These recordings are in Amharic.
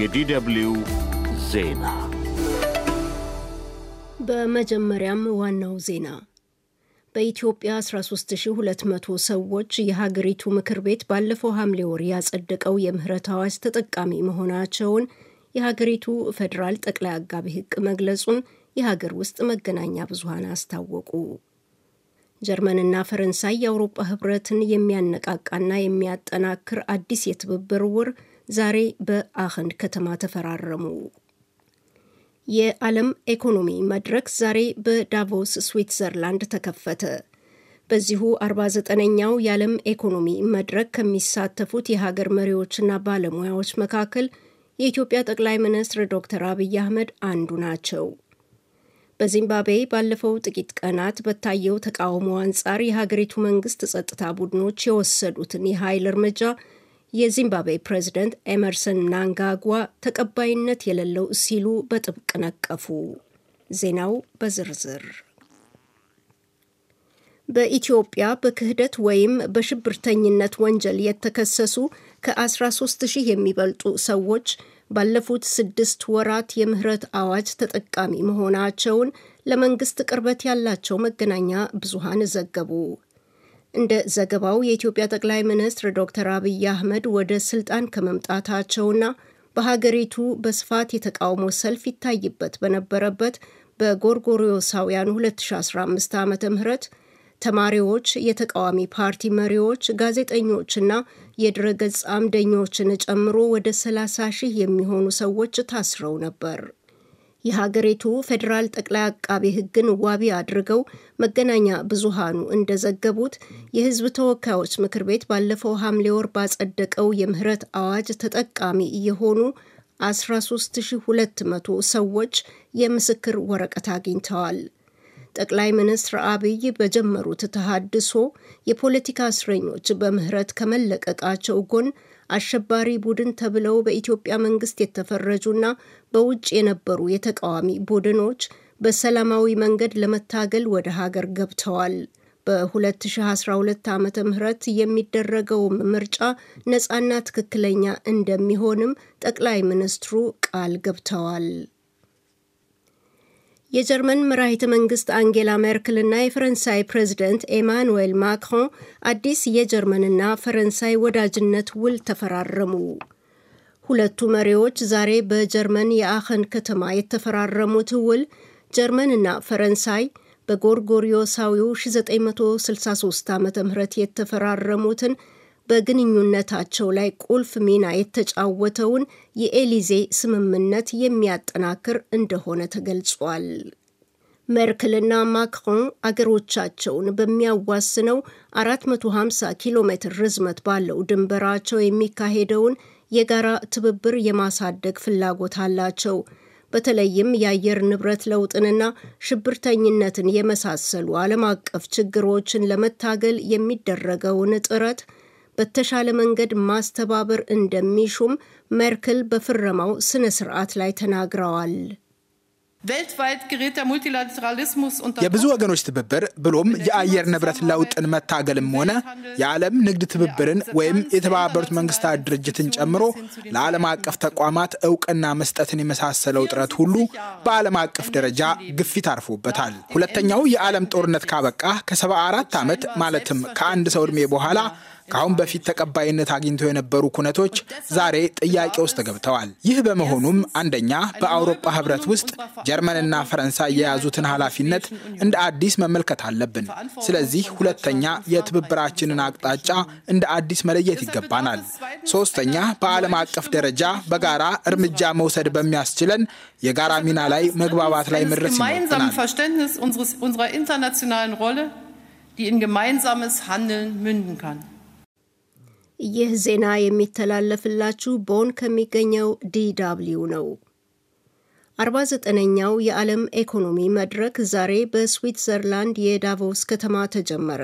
የዲደብልዩ ዜና በመጀመሪያም ዋናው ዜና በኢትዮጵያ 13200 ሰዎች የሀገሪቱ ምክር ቤት ባለፈው ሐምሌ ወር ያጸደቀው የምህረት አዋጅ ተጠቃሚ መሆናቸውን የሀገሪቱ ፌዴራል ጠቅላይ አጋቢ ሕግ መግለጹን የሀገር ውስጥ መገናኛ ብዙሃን አስታወቁ። ጀርመንና ፈረንሳይ የአውሮፓ ህብረትን የሚያነቃቃና የሚያጠናክር አዲስ የትብብር ውር ዛሬ በአኸንድ ከተማ ተፈራረሙ። የዓለም ኢኮኖሚ መድረክ ዛሬ በዳቮስ ስዊትዘርላንድ ተከፈተ። በዚሁ 49ኛው የዓለም ኢኮኖሚ መድረክ ከሚሳተፉት የሀገር መሪዎችና ባለሙያዎች መካከል የኢትዮጵያ ጠቅላይ ሚኒስትር ዶክተር አብይ አህመድ አንዱ ናቸው። በዚምባብዌ ባለፈው ጥቂት ቀናት በታየው ተቃውሞ አንጻር የሀገሪቱ መንግስት ጸጥታ ቡድኖች የወሰዱትን የኃይል እርምጃ የዚምባብዌ ፕሬዝደንት ኤመርሰን ናንጋጓ ተቀባይነት የሌለው ሲሉ በጥብቅ ነቀፉ። ዜናው በዝርዝር በኢትዮጵያ በክህደት ወይም በሽብርተኝነት ወንጀል የተከሰሱ ከ13 ሺህ የሚበልጡ ሰዎች ባለፉት ስድስት ወራት የምህረት አዋጅ ተጠቃሚ መሆናቸውን ለመንግስት ቅርበት ያላቸው መገናኛ ብዙሃን ዘገቡ። እንደ ዘገባው የኢትዮጵያ ጠቅላይ ሚኒስትር ዶክተር አብይ አህመድ ወደ ስልጣን ከመምጣታቸውና በሀገሪቱ በስፋት የተቃውሞ ሰልፍ ይታይበት በነበረበት በጎርጎሪዮሳውያን 2015 ዓ ም ተማሪዎች፣ የተቃዋሚ ፓርቲ መሪዎች፣ ጋዜጠኞችና የድረገጽ አምደኞችን ጨምሮ ወደ 30 ሺህ የሚሆኑ ሰዎች ታስረው ነበር። የሀገሪቱ ፌዴራል ጠቅላይ አቃቤ ሕግን ዋቢ አድርገው መገናኛ ብዙሃኑ እንደዘገቡት የሕዝብ ተወካዮች ምክር ቤት ባለፈው ሐምሌ ወር ባጸደቀው የምህረት አዋጅ ተጠቃሚ የሆኑ 13200 ሰዎች የምስክር ወረቀት አግኝተዋል። ጠቅላይ ሚኒስትር አብይ በጀመሩት ተሃድሶ የፖለቲካ እስረኞች በምህረት ከመለቀቃቸው ጎን አሸባሪ ቡድን ተብለው በኢትዮጵያ መንግስት የተፈረጁና በውጭ የነበሩ የተቃዋሚ ቡድኖች በሰላማዊ መንገድ ለመታገል ወደ ሀገር ገብተዋል። በ2012 ዓ ም የሚደረገውም ምርጫ ነፃና ትክክለኛ እንደሚሆንም ጠቅላይ ሚኒስትሩ ቃል ገብተዋል። የጀርመን መራሂተ መንግስት አንጌላ ሜርክልና የፈረንሳይ ፕሬዚደንት ኤማኑዌል ማክሮን አዲስ የጀርመንና ፈረንሳይ ወዳጅነት ውል ተፈራረሙ። ሁለቱ መሪዎች ዛሬ በጀርመን የአኸን ከተማ የተፈራረሙት ውል ጀርመንና ፈረንሳይ በጎርጎሪዮሳዊው 1963 ዓ ም የተፈራረሙትን በግንኙነታቸው ላይ ቁልፍ ሚና የተጫወተውን የኤሊዜ ስምምነት የሚያጠናክር እንደሆነ ተገልጿል። መርክልና ማክሮን አገሮቻቸውን በሚያዋስነው 450 ኪሎ ሜትር ርዝመት ባለው ድንበራቸው የሚካሄደውን የጋራ ትብብር የማሳደግ ፍላጎት አላቸው። በተለይም የአየር ንብረት ለውጥንና ሽብርተኝነትን የመሳሰሉ ዓለም አቀፍ ችግሮችን ለመታገል የሚደረገውን ጥረት በተሻለ መንገድ ማስተባበር እንደሚሹም ሜርክል በፍረማው ስነ ስርዓት ላይ ተናግረዋል። የብዙ ወገኖች ትብብር ብሎም የአየር ንብረት ለውጥን መታገልም ሆነ የዓለም ንግድ ትብብርን ወይም የተባበሩት መንግስታት ድርጅትን ጨምሮ ለዓለም አቀፍ ተቋማት እውቅና መስጠትን የመሳሰለው ጥረት ሁሉ በዓለም አቀፍ ደረጃ ግፊት አርፎበታል። ሁለተኛው የዓለም ጦርነት ካበቃ ከ74 ዓመት ማለትም ከአንድ ሰው ዕድሜ በኋላ ከአሁን በፊት ተቀባይነት አግኝቶ የነበሩ ኩነቶች ዛሬ ጥያቄ ውስጥ ገብተዋል። ይህ በመሆኑም አንደኛ በአውሮፓ ህብረት ውስጥ ጀርመንና ፈረንሳይ የያዙትን ኃላፊነት እንደ አዲስ መመልከት አለብን። ስለዚህ ሁለተኛ የትብብራችንን አቅጣጫ እንደ አዲስ መለየት ይገባናል። ሶስተኛ በዓለም አቀፍ ደረጃ በጋራ እርምጃ መውሰድ በሚያስችለን የጋራ ሚና ላይ መግባባት ላይ መድረስ ይኖርብናል። die in gemeinsames Handeln münden kann. ይህ ዜና የሚተላለፍላችሁ ቦን ከሚገኘው ዲዳብሊው ነው። 49ኛው የዓለም ኢኮኖሚ መድረክ ዛሬ በስዊትዘርላንድ የዳቮስ ከተማ ተጀመረ።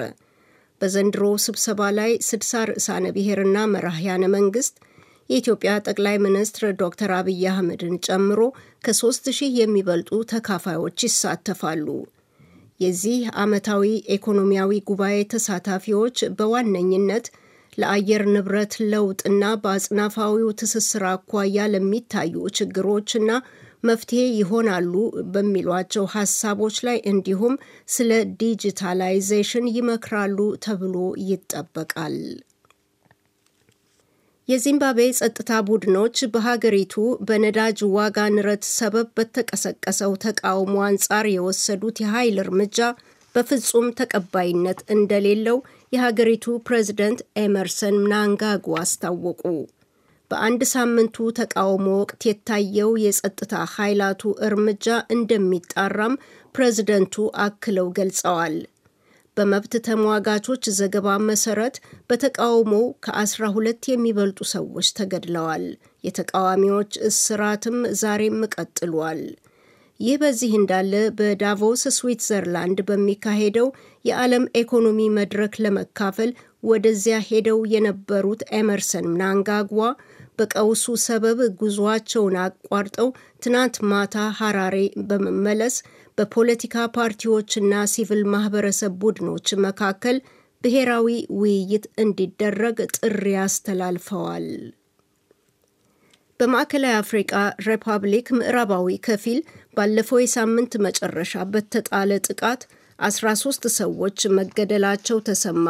በዘንድሮ ስብሰባ ላይ 60 ርዕሳነ ብሔርና መራህያነ መንግስት የኢትዮጵያ ጠቅላይ ሚኒስትር ዶክተር አብይ አህመድን ጨምሮ ከሦስት ሺህ የሚበልጡ ተካፋዮች ይሳተፋሉ። የዚህ ዓመታዊ ኢኮኖሚያዊ ጉባኤ ተሳታፊዎች በዋነኝነት ለአየር ንብረት ለውጥና በአጽናፋዊው ትስስር አኳያ ለሚታዩ ችግሮችና መፍትሄ ይሆናሉ በሚሏቸው ሀሳቦች ላይ እንዲሁም ስለ ዲጂታላይዜሽን ይመክራሉ ተብሎ ይጠበቃል። የዚምባብዌ ጸጥታ ቡድኖች በሀገሪቱ በነዳጅ ዋጋ ንረት ሰበብ በተቀሰቀሰው ተቃውሞ አንጻር የወሰዱት የኃይል እርምጃ በፍጹም ተቀባይነት እንደሌለው የሀገሪቱ ፕሬዝደንት ኤመርሰን ምናንጋጉ አስታወቁ። በአንድ ሳምንቱ ተቃውሞ ወቅት የታየው የጸጥታ ኃይላቱ እርምጃ እንደሚጣራም ፕሬዝደንቱ አክለው ገልጸዋል። በመብት ተሟጋቾች ዘገባ መሰረት በተቃውሞው ከ12 የሚበልጡ ሰዎች ተገድለዋል። የተቃዋሚዎች እስራትም ዛሬም ቀጥሏል። ይህ በዚህ እንዳለ በዳቮስ ስዊትዘርላንድ በሚካሄደው የዓለም ኢኮኖሚ መድረክ ለመካፈል ወደዚያ ሄደው የነበሩት ኤመርሰን ምናንጋግዋ በቀውሱ ሰበብ ጉዟቸውን አቋርጠው ትናንት ማታ ሐራሬ በመመለስ በፖለቲካ ፓርቲዎችና ሲቪል ማህበረሰብ ቡድኖች መካከል ብሔራዊ ውይይት እንዲደረግ ጥሪ አስተላልፈዋል። በማዕከላዊ አፍሪቃ ሪፐብሊክ ምዕራባዊ ከፊል ባለፈው የሳምንት መጨረሻ በተጣለ ጥቃት 13 ሰዎች መገደላቸው ተሰማ።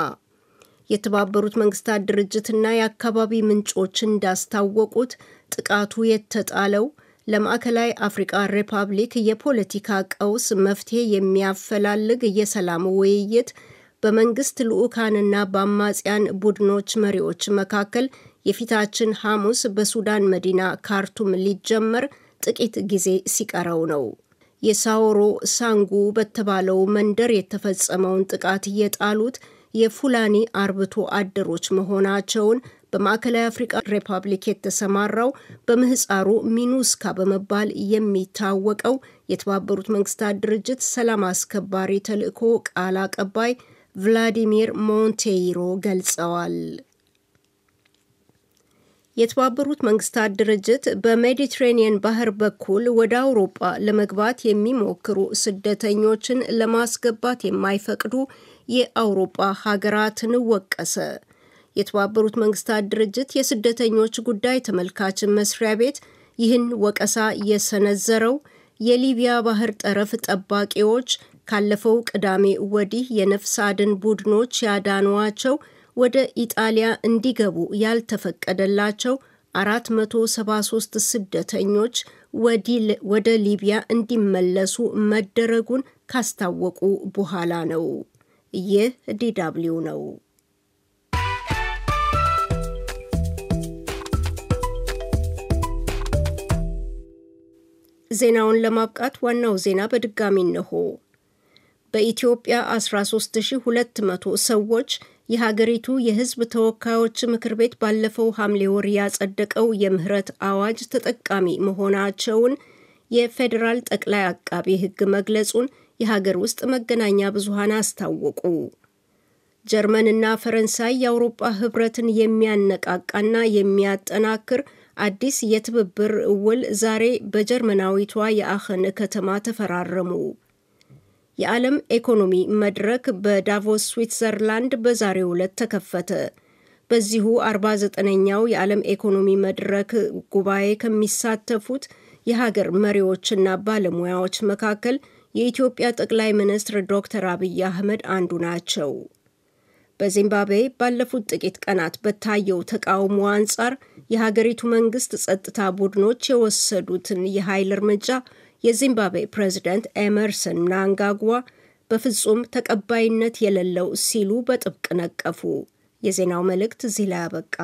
የተባበሩት መንግስታት ድርጅትና የአካባቢ ምንጮች እንዳስታወቁት ጥቃቱ የተጣለው ለማዕከላዊ አፍሪቃ ሪፐብሊክ የፖለቲካ ቀውስ መፍትሄ የሚያፈላልግ የሰላም ውይይት በመንግስት ልዑካንና በአማጽያን ቡድኖች መሪዎች መካከል የፊታችን ሐሙስ በሱዳን መዲና ካርቱም ሊጀመር ጥቂት ጊዜ ሲቀረው ነው። የሳውሮ ሳንጉ በተባለው መንደር የተፈጸመውን ጥቃት የጣሉት የፉላኒ አርብቶ አደሮች መሆናቸውን በማዕከላዊ አፍሪካ ሪፐብሊክ የተሰማራው በምህፃሩ ሚኑስካ በመባል የሚታወቀው የተባበሩት መንግስታት ድርጅት ሰላም አስከባሪ ተልዕኮ ቃል አቀባይ ቭላዲሚር ሞንቴይሮ ገልጸዋል። የተባበሩት መንግስታት ድርጅት በሜዲትሬኒየን ባህር በኩል ወደ አውሮጳ ለመግባት የሚሞክሩ ስደተኞችን ለማስገባት የማይፈቅዱ የአውሮጳ ሀገራትን ወቀሰ። የተባበሩት መንግስታት ድርጅት የስደተኞች ጉዳይ ተመልካች መስሪያ ቤት ይህን ወቀሳ የሰነዘረው የሊቢያ ባህር ጠረፍ ጠባቂዎች ካለፈው ቅዳሜ ወዲህ የነፍስ አድን ቡድኖች ያዳኗቸው ወደ ኢጣሊያ እንዲገቡ ያልተፈቀደላቸው 473 ስደተኞች ወደ ሊቢያ እንዲመለሱ መደረጉን ካስታወቁ በኋላ ነው። ይህ ዲዳብሊው ነው። ዜናውን ለማብቃት ዋናው ዜና በድጋሚ ነሆ በኢትዮጵያ 13200 ሰዎች የሀገሪቱ የሕዝብ ተወካዮች ምክር ቤት ባለፈው ሐምሌ ወር ያጸደቀው የምህረት አዋጅ ተጠቃሚ መሆናቸውን የፌዴራል ጠቅላይ አቃቤ ሕግ መግለጹን የሀገር ውስጥ መገናኛ ብዙሃን አስታወቁ። ጀርመንና ፈረንሳይ የአውሮጳ ህብረትን የሚያነቃቃና የሚያጠናክር አዲስ የትብብር ውል ዛሬ በጀርመናዊቷ የአኸን ከተማ ተፈራረሙ። የዓለም ኢኮኖሚ መድረክ በዳቮስ ስዊትዘርላንድ በዛሬው ዕለት ተከፈተ። በዚሁ 49ኛው የዓለም ኢኮኖሚ መድረክ ጉባኤ ከሚሳተፉት የሀገር መሪዎችና ባለሙያዎች መካከል የኢትዮጵያ ጠቅላይ ሚኒስትር ዶክተር አብይ አህመድ አንዱ ናቸው። በዚምባብዌ ባለፉት ጥቂት ቀናት በታየው ተቃውሞ አንጻር የሀገሪቱ መንግስት ጸጥታ ቡድኖች የወሰዱትን የኃይል እርምጃ የዚምባብዌ ፕሬዝደንት ኤመርሰን ምናንጋጓ በፍጹም ተቀባይነት የሌለው ሲሉ በጥብቅ ነቀፉ። የዜናው መልእክት እዚህ ላይ አበቃ።